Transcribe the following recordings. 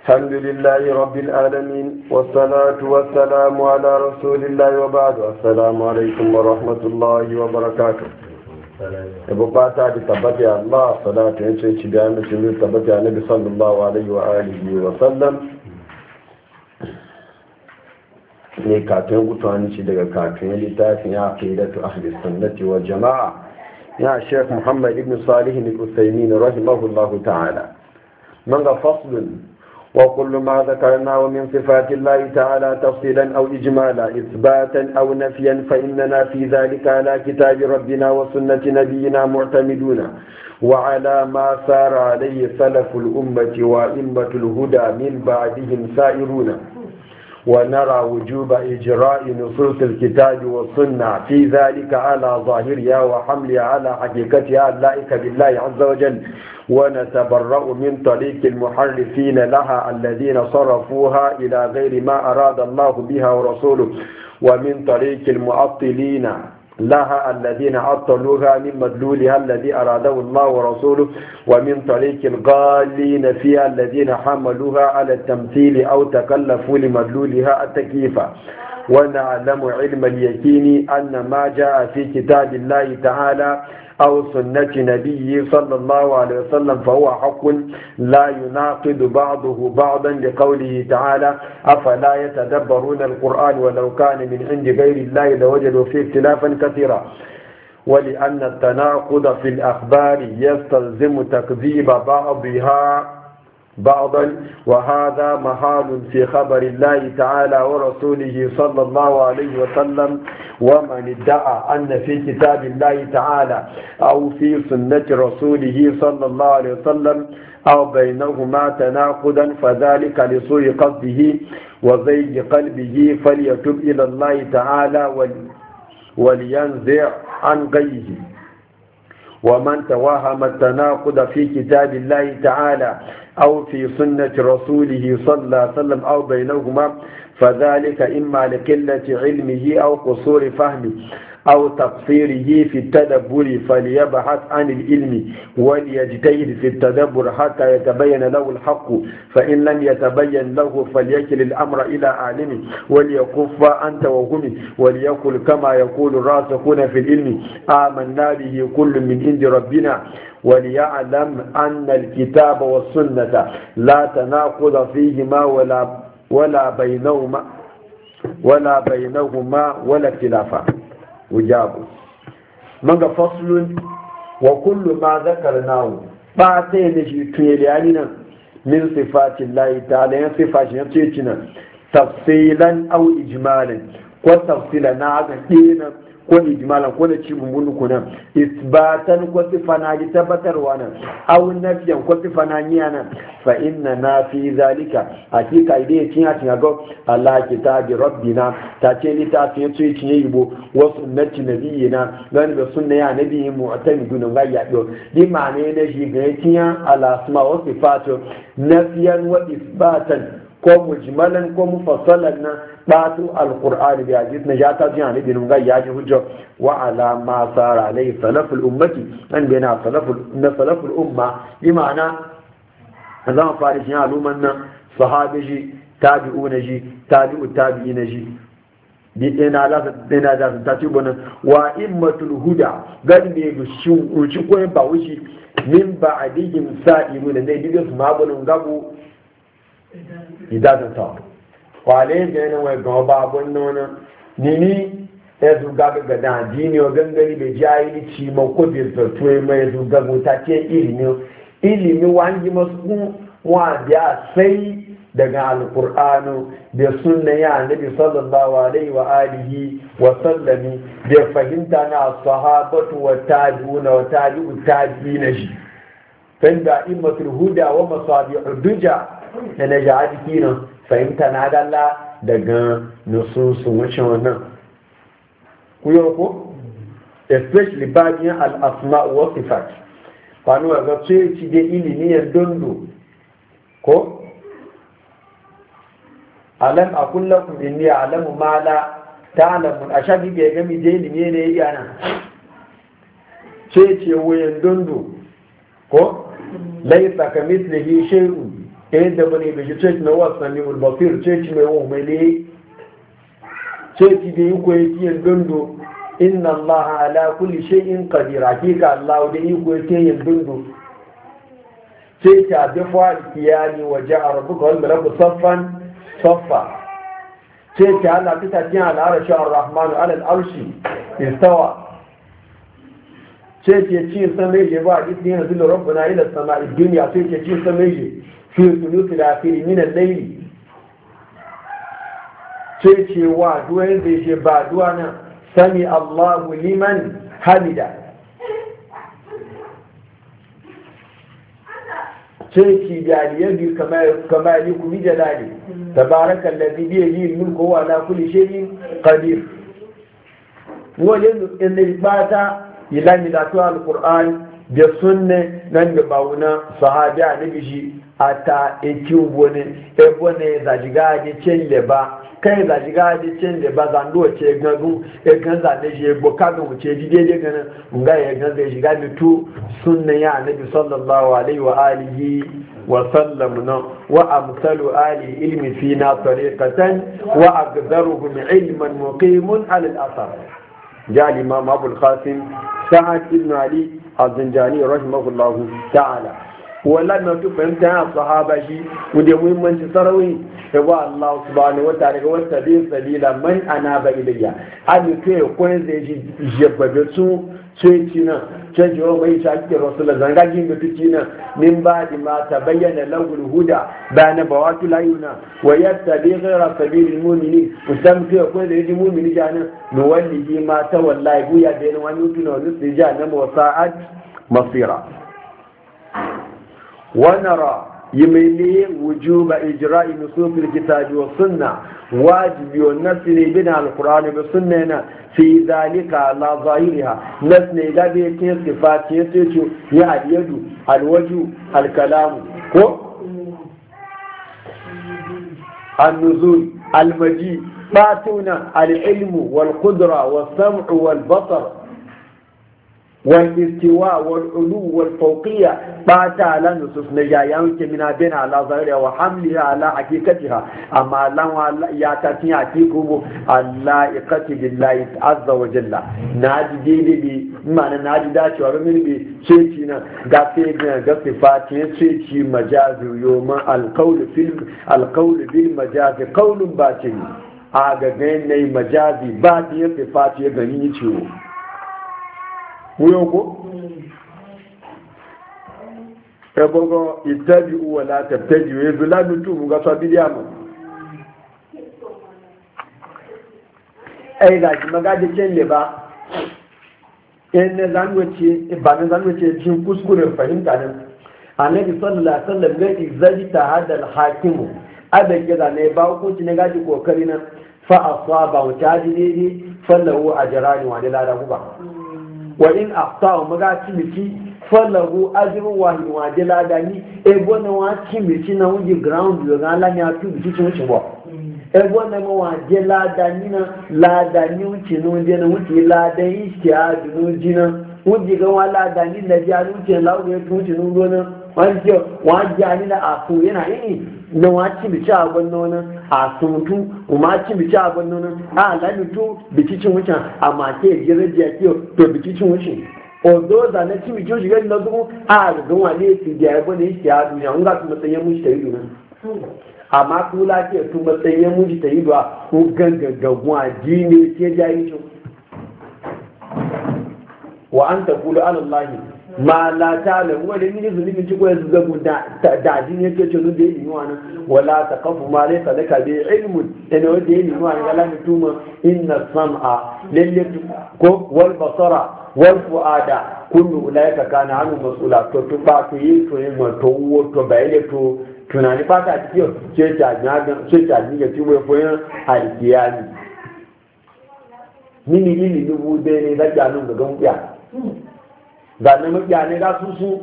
الحمد لله رب العالمين والصلاة والسلام على رسول الله وبعد السلام عليكم ورحمة الله وبركاته أبو باتا تبت الله صلاة إنسان شبيان شبيان تبت النبي صلى الله عليه وآله وسلم ne kafin gutsuwan shi daga kafin littafin ya ke da tuhafi sannati wa jama'a ya sheikh muhammad ibn salihin al-usaimi na rahimahullahu ta'ala manga faslun وكل ما ذكرناه من صفات الله تعالى تفصيلا أو إجمالا إثباتا أو نفيا فإننا في ذلك على كتاب ربنا وسنة نبينا معتمدون وعلى ما سار عليه سلف الأمة وأئمة الهدى من بعدهم سائرون ونرى وجوب إجراء نصوص الكتاب والسنة في ذلك على ظاهرها وحملها على حقيقتها اللائقة بالله عز وجل ونتبرأ من طريق المحرفين لها الذين صرفوها إلى غير ما أراد الله بها ورسوله ومن طريق المعطلين لها الذين عطلوها من مدلولها الذي أراده الله ورسوله ومن طريق الغالين فيها الذين حملوها على التمثيل أو تكلفوا لمدلولها التكييف ونعلم علم اليقين أن ما جاء في كتاب الله تعالى أو سنة نبيه صلى الله عليه وسلم فهو حق لا يناقض بعضه بعضا لقوله تعالى أفلا يتدبرون القرآن ولو كان من عند غير الله لوجدوا فيه اختلافا كثيرا ولأن التناقض في الأخبار يستلزم تكذيب بعضها بعضا وهذا محال في خبر الله تعالى ورسوله صلى الله عليه وسلم ومن ادعى أن في كتاب الله تعالى أو في سنة رسوله صلى الله عليه وسلم أو بينهما تناقضا فذلك لسوء قصده وزي قلبه فليتب إلى الله تعالى ولينزع عن غيه ومن توهم التناقض في كتاب الله تعالى أو في سنة رسوله صلى الله عليه وسلم أو بينهما فذلك إما لقلة علمه أو قصور فهمه أو تقصيره في التدبر فليبحث عن العلم وليجتهد في التدبر حتى يتبين له الحق فإن لم يتبين له فليكل الأمر إلى عالمه وليكف عن توهمه وليقل كما يقول الراسخون في العلم آمنا به كل من عند ربنا وليعلم أن الكتاب والسنة لا تناقض فيهما ولا ولا بينهما ولا بينهما ولا اختلافا wujabu manga faslun wa kullu ma zakarnahu ba sai ne shi tuyeliyani nan min sifatin lahi ta'ala yan sifashin ya ce tafsilan au ijmalin ko tafsila na aka ɗe ko jimala ko ne ci cibin ko nan isbatan ko ti fanaji tabbatar wa nan aw nafiyan ko ti fanani niya nan fa inna na fi zalika hakika idan ya cinya cinya Allah kitabi rabbina ta ce ni ta fiye ci cinye yibo wa sunnati nabiyina gani da sunna ya nabiyin mu atan gunu ga ya do di mane na shi ga cinya ala asma wa sifatu nafiyan wa isbatan ko mujmalan ko mufassalan na batu alquran bi hadith na jata ji ani bin ga ya ji hujja wa ala ma sara alai salaful ummati an na salaful na salaful umma bi ma'ana zama fari shi aluman nan sahabiji tabi'una ji tabi'u tabi'ina ji bi ina za su ina za su ta ci bonan wa immatul huda gan ne bi shi uci ko ba wuci min ba'dihim sa'iruna ne diga su ma bonan gabu he doesn't talk kwale ga yana wai ga ba abun nuna nini ya zuga ga gada addini o gangari bai ji ayi ci ma ko bai zartu ya mai zuga ta ke ilimi ilimi wani masu wa biya sai daga alkur'anu da sunna ya annabi sallallahu alaihi wa alihi wa sallami da fahimta na sahabatu wa tabi'una wa tabi'u tabi'ina shi fanda immatul huda wa masabi'ud duja na na ja jiki nan fahimta na dalla daga nususun wucin wannan kuyo ko especially bayan al'asma wa sifat kwanuwa ga ce ci ilimi ya dondo ko alam a kullakun inni alamu mala ta alamu. a shafi ga gami dai ilimi ne ya nan ce ce wuyan dondo ko laifaka ka mislihi shehu yadda mani bai shi ceci na wasu sami ulbafir ceci mai umele ceci da yi koyi e tiyan e dundu inna allah ala kulli shay'in qadir hakika allah da iko koyi e tiyan dundu ceci a dafa kiyani waje a rabuka wal malaku saffan saffa ceci ala fita tiyan ala arashi ar-rahmanu ala al-arshi istawa ceci ya ci sama yaje ba a ɗin yanzu da rabbuna ila sama'i duniya ceci ya ci sama yaje fi sulutu da afiri minan laili ce wa duwayen zai ce ba duwa nan sami allahu liman hamida sai ce jaliyar biyu kama yi kuma jalali tabarakan lafi biya yi min kowa na kuli shirin kadir wajen inda bata ta yi lamida to alkur'an da sunne nan da bauna sahabi a nabi shi ata eki ubone ebone ni chenle ba kai ni chenle ba zando ce gagu e kan za ne je boka ga mu ce de kan nga ya ga jiga shiga tu sunna ya nabi sallallahu alaihi wa alihi wa sallam na wa amsalu ali ilmi na tariqatan wa aqdaruhum ilman muqimun al-athar ja imam abul qasim sa'ad ibn ali az-zinjani rahimahullahu ta'ala wala na tu fahimta a sahaba shi ku da muhimmanci sarawi Ya ba Allah subhanahu wa ta'ala wa tabi sabila man ana ba ilayya an ke kun zai ji jabbabe su sai cina sai jiwa mai shaki rasulullah zanga jin da na. min ba di ma ta bayyana lawul huda bana bawatu layuna wa yattabi ghayra sabilil mu'minin san ke kun zai ji mu'mini jana nuwallihi ma wallahi buya da wani tuna ji sija na sa'at masira ونرى يميلي وجوب إجراء نصوص الكتاب والسنة واجب ينسني بنا القرآن والسنة في ذلك على ظاهرها نسل لبي كيس صفات يسيتو يا اليد الوجه الكلام هو النزول المجيد باتنا العلم والقدرة والسمع والبصر والاستواء والعلو والفوقية باتا على نصف نجايان من بين على ظهرها وحملها على حقيقتها أما الله ياتتني أتيكم اللائقة لله عز وجل ناجي ديلي بي ما ناجي داشي ورمي بي سيتينا دافينا دففاتي سيتي مجاز يوم القول في القول بالمجاز قول باطن آغا غيني majazi ba ta yafe fati wuyo ko e bogo itabi uwa la tabtaji we zula mutu mu ga sabili amu ai da kuma ga de cin ba in ne zanwace ba ne zanwace cin kuskure fahimta ne annabi sallallahu alaihi wasallam ga izali ta hadal hakimu abin da ne ba ko hukunci ne gaji kokari na fa asaba wa tajidi fallahu ajrani wa la rabu ba wa in aftahu maga cimiki falahu ajrun wahid wa jala dani e bona wa cimiki na wuji ground yo ga la nya tu bi ci wuci bo e bona mo wa jala dani na la dani wuci no je na wuci la dani istiadu no jina wuji ga wa la dani na jiya wuci la wuci tu wuci no gona wanje wanje ani na yana yi na bici a a bici a a bici cin wucin a kiyo cin wucin ozo na ci bici shigar na zuku a su da shi duniya mun shi ta yi duna amma ku lafiya su mun shi ta yi ku gangagagun ne ke jayi wa an ta kula alallahi ma la ta la wanda ni ne zulubin ci koyar zabu da da jin yake ce nun da yi wa nan wala ta kafu ma lai sadaka bi ilmun ina wanda yi wa nan galami tuma inna sam'a lalle ko wal basara wal fuada kullu ulaika kana anu mas'ula to to ba to yi to yi ma to wo to ba ile to tunani fata cikin ce ta ga ce ta ga ci wo foyan alkiyani nini ilimi dubu dai ne da janun ga gambiya ga na mutane za su su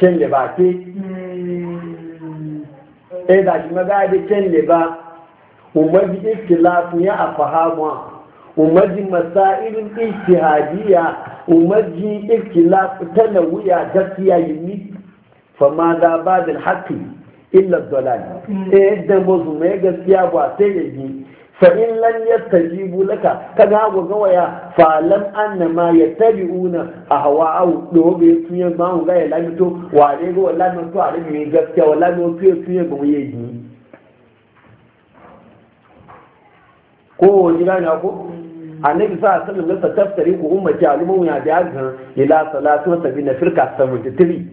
can da ba ke ɗaya hmm. eh, da shi maza da can da ba umarji ikhtilafu ya afahamu umarji masa'irin ijtihadiyya umarji ikhtilafu tanawuya yi ni. fa ma da ba da haqqi illa dolari ɗaya hmm. eh, da mazu mai gaskiya ba sai yaji fa'in lan yastajibu laka kaga go gawaya fa lam anna ma yattabi'una ahwa'u do be tuye ma ga ya lami to wa dai go wallahi mun to ari mi gaskiya wallahi mun tuye tuye ba mu yi ko jira na ko annabi sa sallallahu alaihi wasallam taftari ku ummati alumu ya da ga ila salatu wa sabina firka 73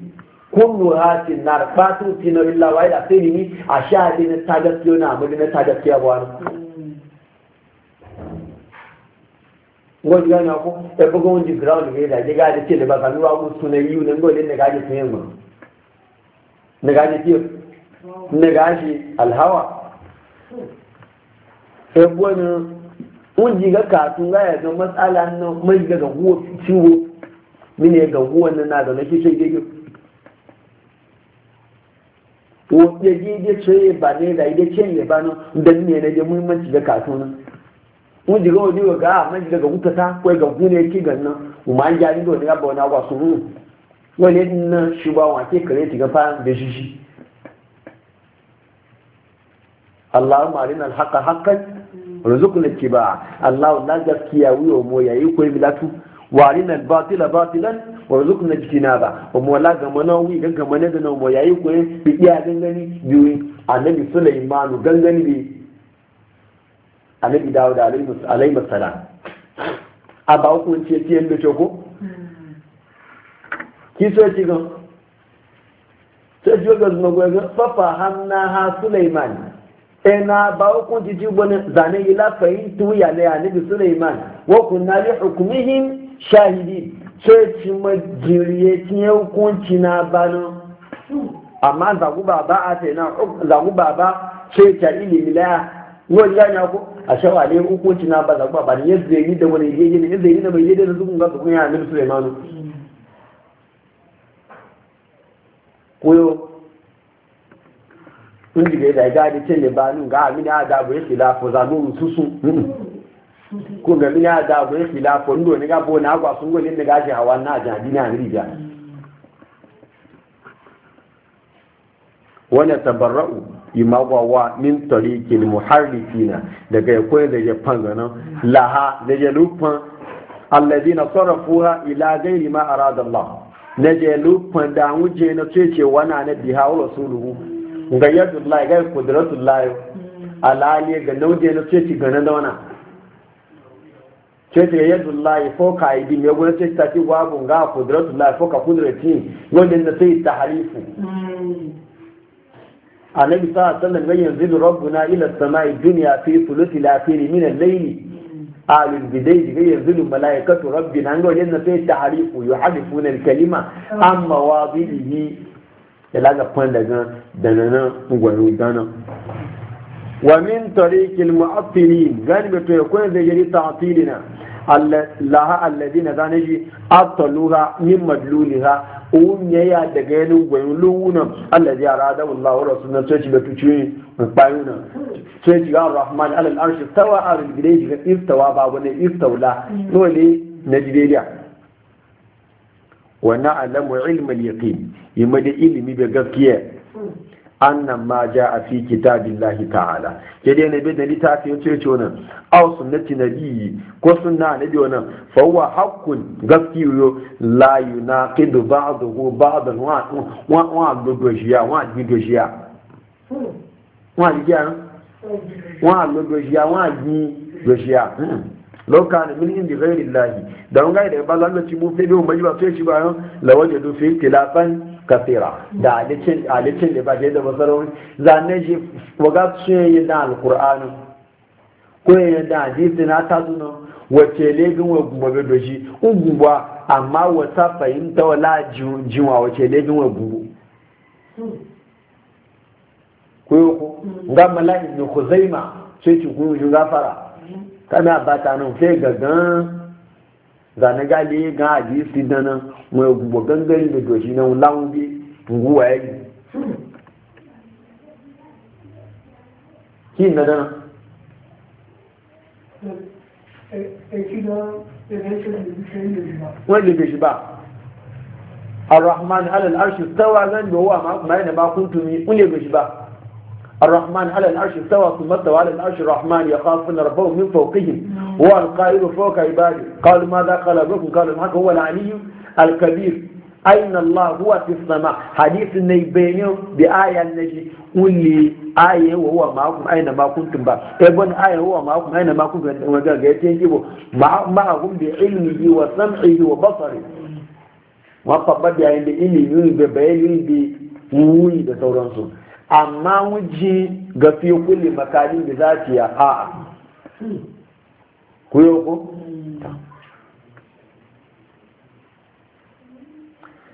kullu hatin nar fatu tinarilla wa ila sayyidi ashadi na tagaskiyo na amadi na tagaskiya ba wani yana ko ya buga wani ground ne da ya gaji ce da ba kanu suna ne ne gaji yi ne gaji ne gaji alhawa ga ya ga matsala mai ga ga huwa ciwo mine ga huwa nan na da nake shi gege ya gege ce ba ne da ide ce ne ba dan ne na muhimmanci ga wọ́n jẹ́ wọ́n ní ọ̀gá àmọ́jì lẹ́gàn daga wuta kó ẹ̀gàn ga ní ẹtí gan náà wọ́n máa ń ya nílò ní abọ́ náà wà sùúrù wọ́n lè na ṣùgbọ́n àwọn àti ìkẹrẹ́ ti gàfà ń bẹ ṣíṣí. Allahumma arina al-haqqa haqqan warzuqna ba. Allahu na gaskiya mo wa wa mo la gama na da na mo yi bi iya gangani biyu annabi sulaimanu gangani annabi dawo da alaihi salam a ba ku ce ce yadda ce ko hmm. ki so ki gan sai ji ga zuma gwa fa fahamna ha sulaiman ina eh, ba ku ji ji bane zane ila fahimtu ya ne annabi sulaiman wa kunna li hukmihim shahidi sai ci majiriye tiye hukunci na bano amma zagu baba a sai na zagu baba sai ta ilimi la wani ya ko a shawa ne uku ci na ba zaɓa ba ne yadda yi da wani yayi ne yadda yi da bai yi da zubin ga zubin ya nabi sulaimanu koyo sun jiga da ga da ne ba nun ga amini a da bai khilafu za mu susu ko ga mini a da bai khilafu ndo ne ga bo na gwa sun gole ne ga shi hawa na jadi na ribiya wani tabarra'u imagwawa min tarikin muharrifina daga yakwai da ya fanganan laha da ya lufan alladina sarrafuha ila gairi ma arada Allah na je lufan da wuce na cece wana na biha wa rasuluhu ga yadda Allah ga kudratu Allah alali ga nauje na cece ga nan da wana cece ga yadda Allah foka aidi me gona cece ta ci wagun ga kudratu Allah foka kudratin wanda na sai harifu النبي صلى الله عليه وسلم من ينزل ربنا إلى السماء الدنيا في ثلث الأخير من الليل آل البديد ينزل ملائكة ربنا نقول إن في تحريف يحرفون الكلمة عن مواضيعه يلا نقول دنا دنا دنا ومن طريق المعطلين غالبا تكون زي تعطيلنا laha alladi na zane shi abtaluha min madluliha unyaya daga yanin gwayin luwunan alladi ara da wallahu rasulun sai ci batu ci bayunan sai ci rahman alal arshi tawa a rigire shi ga iftawa ba wani iftaula dole na jideliya wa na'lamu ilmal yaqin yamma da ilimi ga gaskiya annan ma ja a fi kitabillahi ta'ala ke dai na bi da littafi ya ce wannan aw sunnati nabiyyi ko sunna nabi wannan fa huwa haqqun gaskiyo la yunaqidu ba'dahu ba'dan wa wa wa dogojia wa dogojia hmm. wa dogojia wa dogojia wa dogojia dojiya hmm. lauka min indi ghairi llahi da mun gaida ba Allah ci mu fi bi mun ba sai shi ba la wajadu fi tilafan kasira da alicin alicin da ba da masarawin zanne ji wagat shi yin da alqur'ani ko da hadisi na ta zuna wace legin wa gumba bai doshi ugumba amma wata fahimta wala jiwa wace legin wa gumbu ko yi ko ga hmm. ku zai ma sai ci kuyo shi gafara kana ba ta nan sai ga gan zane gali ga hadisi na nan mai gumba gangan da doshi na lawun bi guwa yi kin na dana وين bai shi ba ar-rahman alal arshi stawa ما da ما كنت yana ba kuntumi الرحمن على العرش استوى ثم استوى على العرش الرحمن يخافون ربه من فوقهم هو القائل فوق عباده قال ماذا قال ربكم قال الحق هو العلي الكبير aina Allah huwa fi sama hadisi ne bayanin bi ayan naji kulli aya wa huwa ma'akum aina ma kuntum ba e bon aya huwa ma'akum aina ma kuntum wa ga ga yace jibo ma'akum bi ilmihi wa sam'ihi wa basari wa fa babi ayin da ilimi da bayanin bi wuyi da sauransu amma wuji ga fi kulli makalin bi zatiya a'a ku ko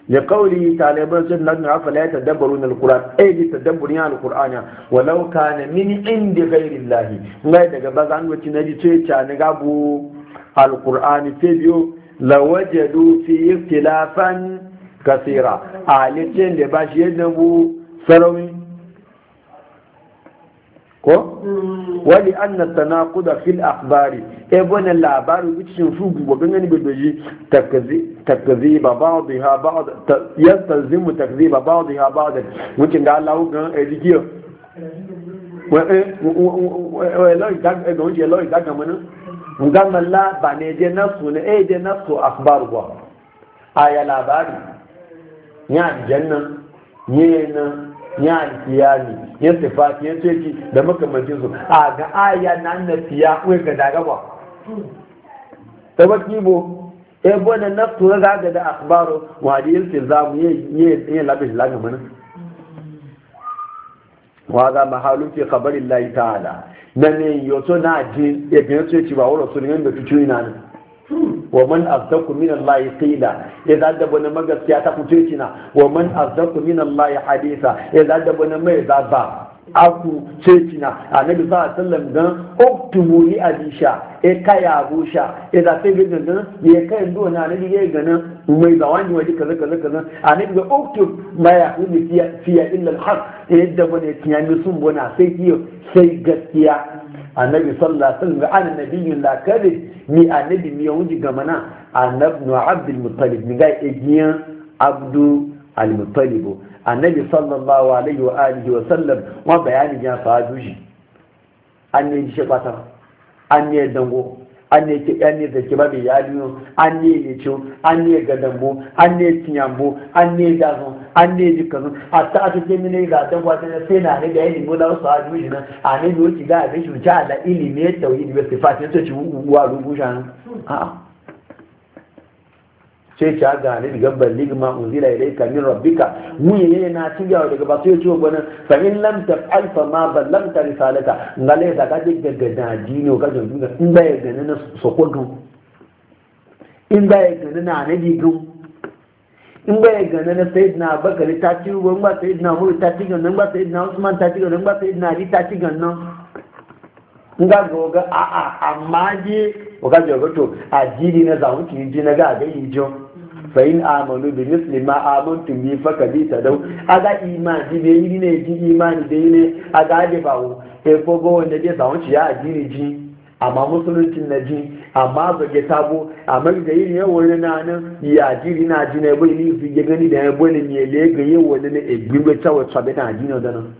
da kauli talibai sun nan fa la tadabbaru na alquran ai bi tadabburi na alqur'ana walau kana min indi llahi ngai daga bazan zan naji ce ta ni gabu alqur'ani sai biyo lawajadu fi ikhtilafan kasira a litin da ba shi yadda bu sarawi ko wali anna tanaquda fil akhbari e bona labaru wicin fugu go gangani be doji takziba ba'dha ba'd yastalzimu takziba ba'dha ba'd wicin ga Allah gan e dikiyo wa e wa lo idag e gonje lo idag amana ngamba la baneje nafsu ne e je nafsu akhbaru wa aya labari nya janna nyena ya alkiyami ya sifati ya ki da makamancin su a ga aya na nafiya kuwa ga dagaba ta baki bo e bona naftu na ga da akhbaru wa yin iltizamu ye ye labish laga mana wa za mahalu fi khabari llahi ta'ala nan ne yoto na ji e biyo ci ba wuro su ne da tuci na nan wa man azzaku min Allah qila ya zadda bana magaskiya ta kuce cina wa man azzaku min Allah hadisa ya zadda bana mai zaba aku cecina cina annabi sallallahu alaihi wasallam dan uktumu li adisha e kaya abusha e da sai gidan dan ya kai do na ne ya gana mai zawani waje kaza kaza kaza annabi ga uktub ma ya hudi fiya illa al-haq yadda bane tiyani sun bona sai kiyo sai gaskiya annabi sallallahu alaihi wasallam an nabi la kadhi mi annabi mi yawji gamana nu abdul muttalib mi ga egiyan abdu al muttalib annabi sallallahu alaihi wa alihi wa sallam wa bayani ya sahabu shi an ne shi kwata an ne dango an ne ke an ne da ke babu yaliyo an ne ne ciwo an ne gadambo an ne tiyambo an ne dazo an ne ji kazu hatta a cikin mini ga ta kwata na sai na ne ga yi mu da wasu hadu shi nan a ne ne ki ga abin shi a da ilimi ya tauhidi ba sifati ta ci wa rubuta nan a'a sai ci ga ne daga ballig ma unzila ilayka min rabbika mu ne na ci ga daga ba sai yi wa gwanin fa in lam taf'al ban lamta ballamta risalata ngale da ka ji daga dadino ka ji in ba ya ganin su ko in ba ya ganin na ne bi in ba na sayid na bakari ta ci mgba ba sayid na muru ta ci gannan ba sayid na usman ta ci gannan mgba sayid na ali ta ci gannan in ga ga waga a a amma je waga je waga to a jiri na zamu ki ji na ga ga yi jo fa in amanu bi misli ma amantu bi fa kadi ta dau aga iman ji be yi ne ji imani be ne aga je bawo e fogo wanda je zamu ci ya jiri ji amma musulunci na ji amma zage tabo amma ga yin yawon na nan ya ji na ji na bai ni su ya gani da ya bai ne mai lega ga wani na egbin bai cewa cabe na ji na da nan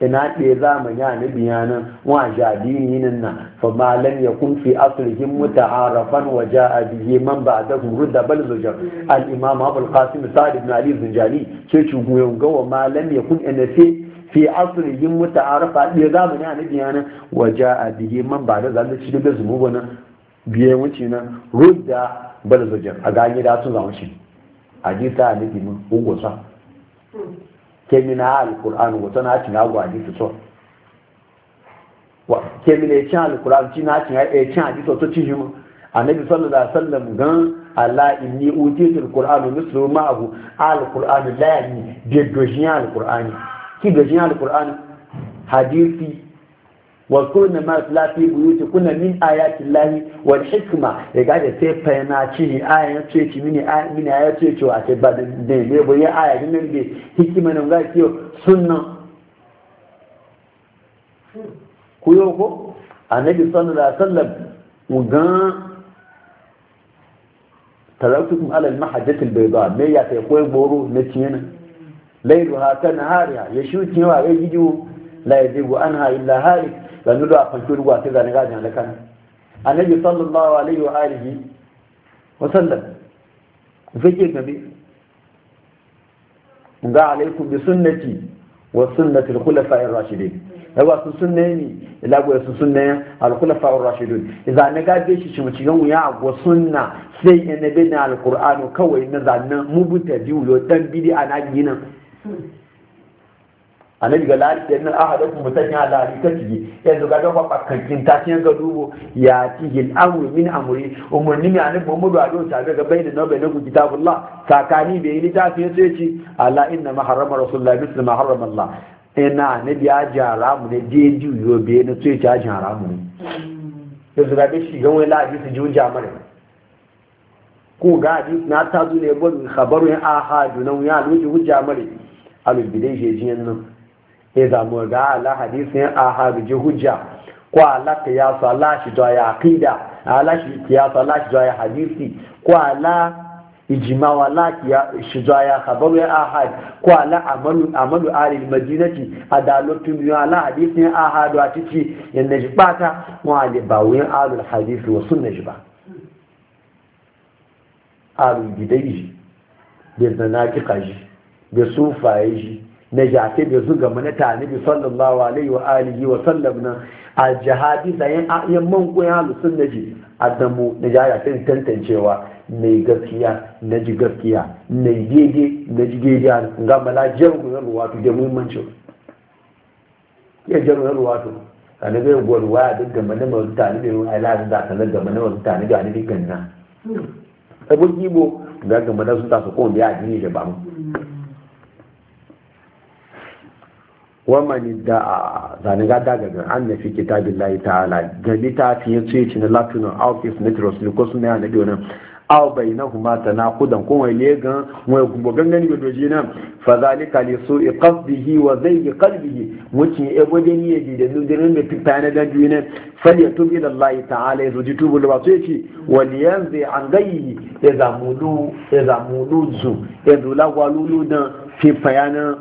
ina e ɗe za mu ya ni biya nan wa ni nan na fa malam ya kun fi a muta'arafan wa a biye man ba guru da bal zujar al imam abul qasim sa'id ibn ali zunjani sai ci goyon wa malam ya kun e ce. fi asrihin muta'arifa ɗaya zamani a nabi yana waje a biye man ba da zaɓe ci da zumu ba na biye wuce na rudda ba da zajen a gani da sun zama shi a jita a nabi mun ugwasa kemina alkur'an wata na cin agwa a jita so kemina ya cin alkur'an cin na cin ya cin a jita so cin shi na annabi sallallahu alaihi wasallam gan ala inni utitul qur'anu mislu ma'ahu alqur'anu la yani bi dojiya alqur'ani ki da shi alqur'ani hadisi wa kunna ma la fi buyuti kunna min ayati llahi wal hikma ya gaje da sai fayna ci ayan ce ci mini ayan mini ayan ce ci a ce ba da ne bo ya aya din ne hikima nan ga ki sunna ku yo ko annabi sallallahu alaihi wasallam ugan taraktukum ala al mahajjati al bayda me ya ta koy boru na ciyana ha ta hariya ya shuki wa ya gidiwo la ya zigu an ha illa hari nudu a fanki ruwa ta zane gajin halakana annabi sallallahu alaihi wa alihi wa sallam fike gabe ga alaikum bi sunnati wa sunnati al ar rashidin yawa su sunne ni ila go su sunne al ar rashidin idan ne ga shi shi mu cigan wuya go sunna sai ne bin al quran kawai na zannan mu buta biyu dan bidi ana ginan annabi ga lalita nan ahada kuma sanya alari ta ciki yanzu ga dafa bakkancin ta cin ga dubo ya ci hil amru min amri umurni ne annabi Muhammadu a dota ga da bayin nabai na kitabullah sakani bai yi ni ta fiye sai ci ala inna maharrama rasulullah misli ma harrama Allah ina annabi ya jara mu ne je juyo be na sai ta jara mu ne yanzu ga shi ga wani lafi su junja mare ko ga hadisi na ta zo ne gwanin khabaru ya ahadu nan ya luji hujja mare alubidai jejiyan nan ya e zamu ga ala hadisin a harbiji hujja ko ala kiyasa ala shi zuwa ya aqida ala shi kiyasa ala shi zuwa ya hadisi ko ala ijima wa ala shi zuwa ya habaru ya ahad ko ala amalu amalu ali a dalotun ya ala hadisin ahadu a titi yanda shi bata wa ali bawin alul hadisi wa sun shi ba alubidai ji zana kika kaji da sufaye shi na jafe da zuga mana ta nabi sallallahu alaihi wa alihi wa sallam na a jihadi da yan yan man goya lusun naji adamu na jaya sai tantancewa mai gaskiya na ji gaskiya na gege na ji gege ga mala jaru na ruwatu da muhimmanci ya jaru na ruwatu ana bai gwar waya duk da mana mai tani da wani ala da ta da mana mai tani ga ni ganna hmm. abun ibo ga ga mana sun ta su ko ajiye da ba mu waman da zane ga daga ga an na fi kitabin ta'ala ga littafi ya ce ci na latunan alfis na tirosili ko suna yana da aw bai na kudan ko wai le gan wai gumbo gangan ga doji nan fa zalika li su'i qasdihi wa zayyi qalbihi muci e bodin da nudirin da fitta da duniya fal yatub ila Allah ta'ala yaji tubu da wato yace wal an gayyi ya zamulu ya zamulu zu da fi fayana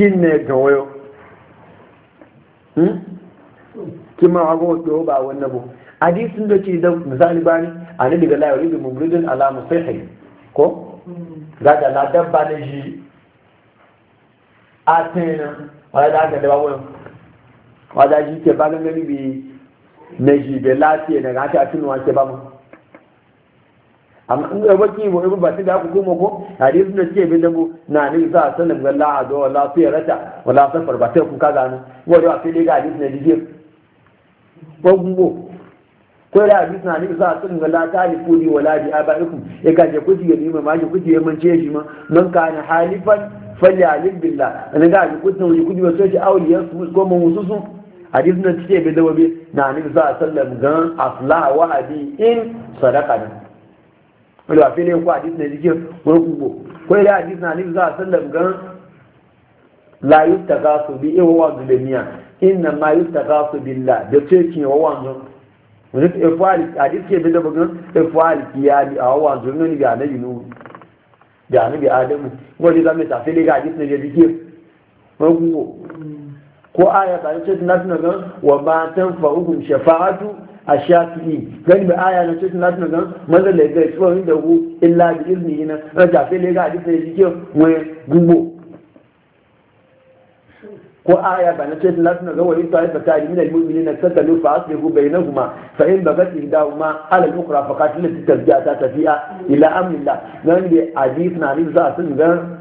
kí ni ẹ̀gàn wọ́yọ́ kí máa wá gbọ́n pé ó bá wọn náà hadisin da ke da misali bani a ni daga layar ibi mubridin alamu sai ko ga da na dabba na shi a tana wadda aka daba wani wadda ji ke ba gangami bi na ji da lafiya daga aka tunuwa ke ba mu amma in ga baki mu ibn bati da ku ko da ke bin mu na ne za a sanin wala wala ba ku ka da dije ko gumbo ko da na ne za sanin la talifu ni wala bi abaikum ya je ku ji ne ma ji ku ji man ce shi ma man ni halifan falyalil billah an ga ji ku tun ku ji wato shi auliyan su ko mun su hadisin da ke bin da wabi na ne za sallam gan asla wa in sadaqa wadda wafe ne kuwa hadis na jikin wani kugo ko ila hadis na alif za a sallam gan la yutta ga su bi ewa wa zulmiya inna ma yi ta ga su la da ce ki wa wannan wani ifwali hadis ke bi da bugun ya bi a wa nuni ga na yinu ga nabi adamu wani zamu ta fi ga hadis na jikin wani kugo ko aya ta ce na gan wa ba ma tanfa'ukum shafa'atu a shafi'i gani mai aya na cikin latin gan manzan da ga shi wani da ku illa da izini yi na raja sai lega hadisi da jike mai gubo ko aya ba na cikin latin gan wani ta ta yi yi almu'minin na saka lu fa aslihu bainahuma fa in bagat ihdahuma ala al-ukhra fa qatilat ta tafiya ila amrillah nan bi hadisi na ni za sun gan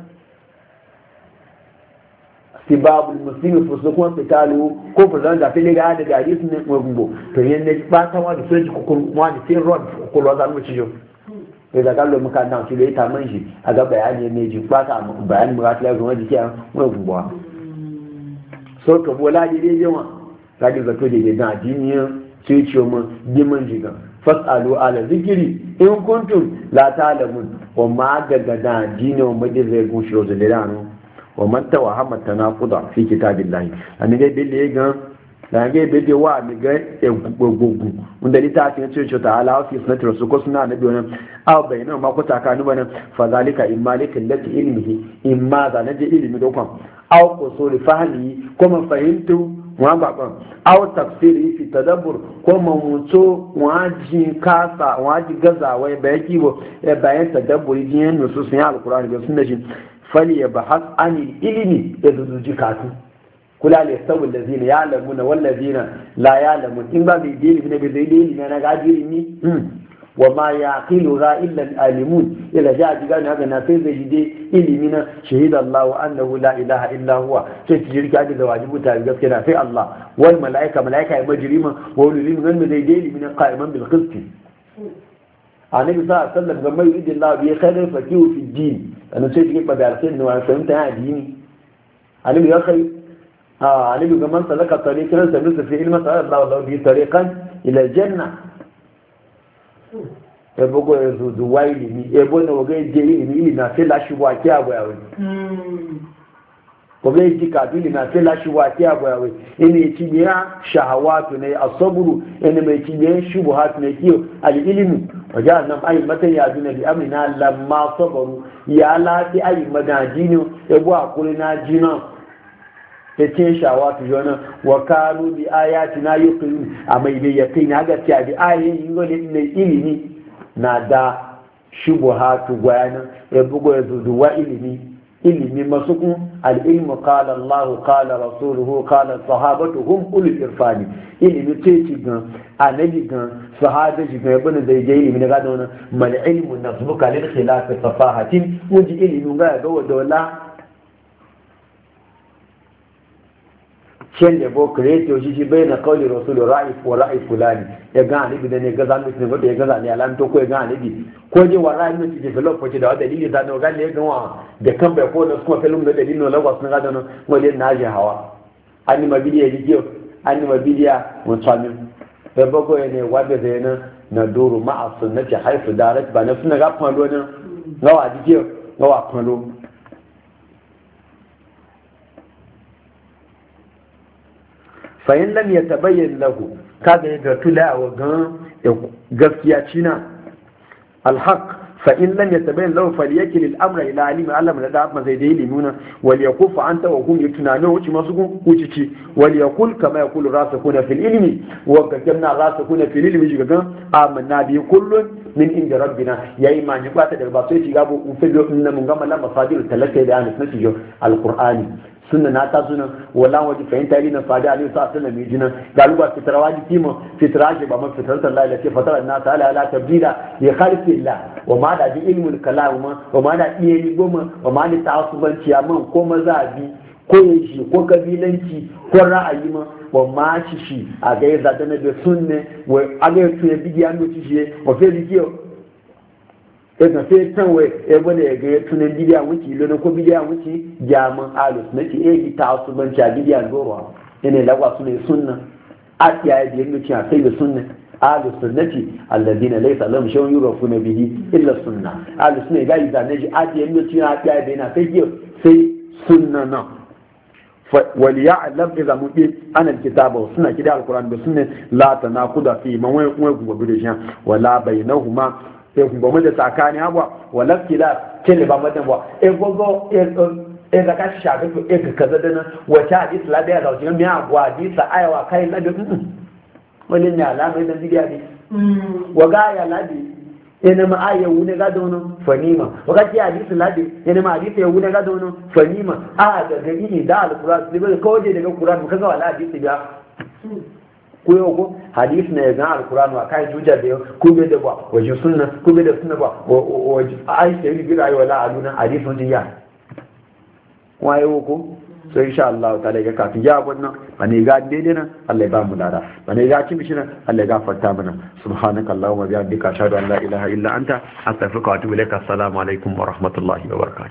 ti babu musulmi fusu kuma fitalu ko fusan da fili ga da gari sun ne ngbo to yen ne ba ta wa da so ji ko wa ni tin rod ko lo zan mutu jo ne da kallo muka nan ki dai ta man shi a ga bayani ne ji ba ta bayani mu ga tilawa kuma ji kiyan mu ngbo so to bola di dai jama ta ji zato je da diniya sai ciyo mu diman jigan fasalu ala zikiri in kuntum la ta'lamun wa ma daga da diniya mu da zai gushi da dano wa man tawahama tanaquda fi kitabillahi anige bele gan lange bele wa mi gan egbogbogbo unda ni ta tin ce ce ta ala fi sunnati rasul ko sunna nabi wannan aw bayna ma ko ta ka kanu bana fa zalika imma likallati ilmihi imma za naje ilmi dokon aw qusuli fahmi ko man fahimtu wa ba ban aw tafsiri fi tadabbur ko man wuto waji kasa waji gazawa e bayan e kibo e bayan tadabburi jin nususin alqur'ani da sunna fali ya bahas ani ilimi ya zuzu jika su, kula da sabon da zina ya lamu na wannan zina la ya lamu in ba zai dai ne bai zai dai na ga gaji ni hmm. wa ma ya qilu ra illa al alimun ila ja diga na haka na sai zai dai ilimi na shahida Allah wa annahu la ilaha illa huwa sai ki jirka da wajibu ta gaskiya na sai Allah wal malaika malaika ya majrima wa ulul ilmi zai dai ilimi na qa'iman bil qisti annabi sa sallam ga mai idin la bi khairin faqihu fi din an sai shi ba da alkhairi ne wani fahimta ya dini annabi ya kai a annabi ga man salaka tariqan sabil fi ilmi sallallahu alaihi wa bi tariqan ila janna e bogo e zuzu waili ni e bono ga je ni ni na sai la shi wa kya ba ya wani hmm. kwamnati ji katuli na sai lashi wake a bayawe ina yi cibiyar shahawatu ne a ha to ne ayi ya zuna bi amina lamma sabaru ya lafi ayi madajinu ya bu hakuri na jinan ya ce shawatu jona wa kanu bi ayati na yi kiri a mai ya kai na gaskiya bi ayoyin yi ilimi na da to gwayanan ya bugo ya zuzuwa ilimi ilimi masu kun al'ilmu kala Allah kala rasuluhu kala sahabatu hum ulul irfani ilimi ce ci gan annabi gan sahaba ci gan ibn zai je ilimi ga da wannan mal ilmu nasbuka lil khilafi safahatin wuji ilimi ga ga wala ken da bo kreti shi bai na kauli rasulu ra'i ko ra'i fulani ya ga alibi da ne gaza mutum ne ya gaza ne alam to ko ya ga bi ko je wa ra'i mutum ke filo foci da wa dalili da no ga ne ga wa da kan bai ko da kuma filum da dalili no la ga da no le na je hawa ani mabiliya dikiyo ani mabiliya mutsamin da bago ne wa na na duru na sunna ga wa fa'in lam ya tabayyana lahu kaga ya ga tula wa gan gaskiya cina alhaq in lam ya tabayyan lahu falyakil yakil al'amra ila alim Allah la da ma zai dai limuna wal yakuf anta wa hum yatunanu wuce masu kucici wal yakul kama yakul rasakuna fil ilmi wa kajanna rasakuna fil ilmi ga amanna bi kullun min inda rabbina yayi ma ni bata da ba sai shiga bu ufido inna mun gama lamma fadilu talaka da anas nake jo alqur'ani sunna na ta sunan wala waje fahimta ni na fadi alayhi sallam yi jinan galuba fitrawa ji kima fitraje ba man fitrar sallah ila ce fatara na ta ala tabdila ya khalifi illa wa ma da ji ilmul kalam wa ma da iya goma wa ma ni ta'assubanci man ko mazabi ko yake ko kabilanci ko ra'ayi ma ba ma ci shi a ga yadda ta nabe sunne wa a yadda ya bigi ya nuci shi wa fe bigi yau ya ta fe can wa ya bane ya ga ya tunan bidiya wuce lona ko bidiya wuce jaman alus na ce eh, ya gi ta wasu banci a bidiya zuwa yana lagwa su ne sunna a tsaye da yadda ce a sai da sunna ahlus sunnati alladhina shi lahum shay'un na bihi illa sunna alus sunna ga idan zane shi a tsaye da yadda ce a tsaye da yana sai sai sunna nan Waliya a lafki zamu biyu kitabu suna kidyar Al-ƙuran da suke latana kudu a siyo ma wani kuma bai da shi Wala bai nuhu kuma wani da tsaka ne, haka ba? Wa lafti la cin liba mazan ba, e gobe e kashi shafe e ga kaza dana, wace ajiyeta al'ada ya dauki yamma, ya ajiyeta ayawa kai ladabi. Wani ne alamar da ziyarɗi, wa ga yaladi. yana ma ya wune gado nan fanima wakati ya hadisi labi yana ma hadisi wune gado nan fanima a ga gari ne da alquran sai bai je daga quran kaga wala hadisi biya ko yau ko hadisi ne ga alquran wa kai juja da ku bai da ba waje sunna ku da sunna ba waje aisha yi bi rayuwa la aluna hadisi ne ya wayo ko so insha Allah ta daga kafin ya abun nan ba ne ga daidai nan Allah ya ba mu lada ba ne ga kimishi nan Allah ya gafarta mana subhanaka allahumma biya ashhadu an la ilaha illa anta astaghfiruka wa atubu ilaik assalamu alaikum wa rahmatullahi wa barakatuh